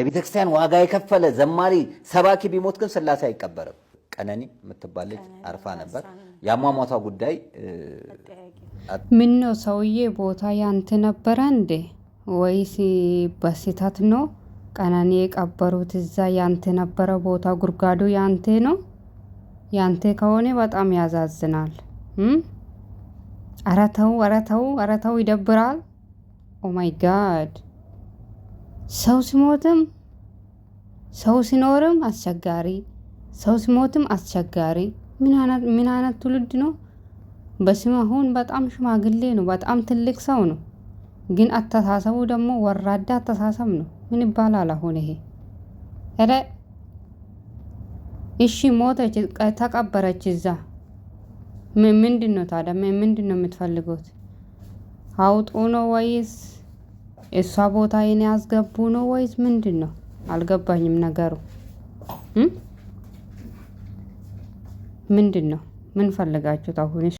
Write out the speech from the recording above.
ለቤተክርስቲያን ዋጋ የከፈለ ዘማሪ ሰባኪ ቢሞት ግን ስላሴ አይቀበርም። ቀነኒ የምትባል ልጅ አርፋ ነበር። የአሟሟቷ ጉዳይ ምን ነው? ሰውዬ ቦታ ያንተ ነበረ እንዴ ወይስ በስህተት ነው? ቀነኒ የቀበሩት እዛ ያንተ ነበረ ቦታ፣ ጉድጓዱ ያንተ ነው። ያንተ ከሆነ በጣም ያዛዝናል። አረተው አረተው አረተው ይደብራል። ኦማይ ጋድ ሰው ሲሞትም ሰው ሲኖርም አስቸጋሪ፣ ሰው ሲሞትም አስቸጋሪ። ምን አይነት ትውልድ ነው? አሁን በጣም ሽማግሌ ነው፣ በጣም ትልቅ ሰው ነው። ግን አተሳሰቡ ደግሞ ወራዳ አተሳሰብ ነው። ምን ይባላል አሁን ይሄ? ኧረ እሺ ሞተች፣ ተቀበረች እዛ። ምንድን ነው ታዲያ? ምንድን ነው የምትፈልጉት? አውጡ ነው ወይስ የእሷ ቦታ የኔ ያስገቡ ነው ወይስ ምንድን ነው? አልገባኝም ነገሩ ምንድን ነው? ምን ፈልጋችሁት አሁን?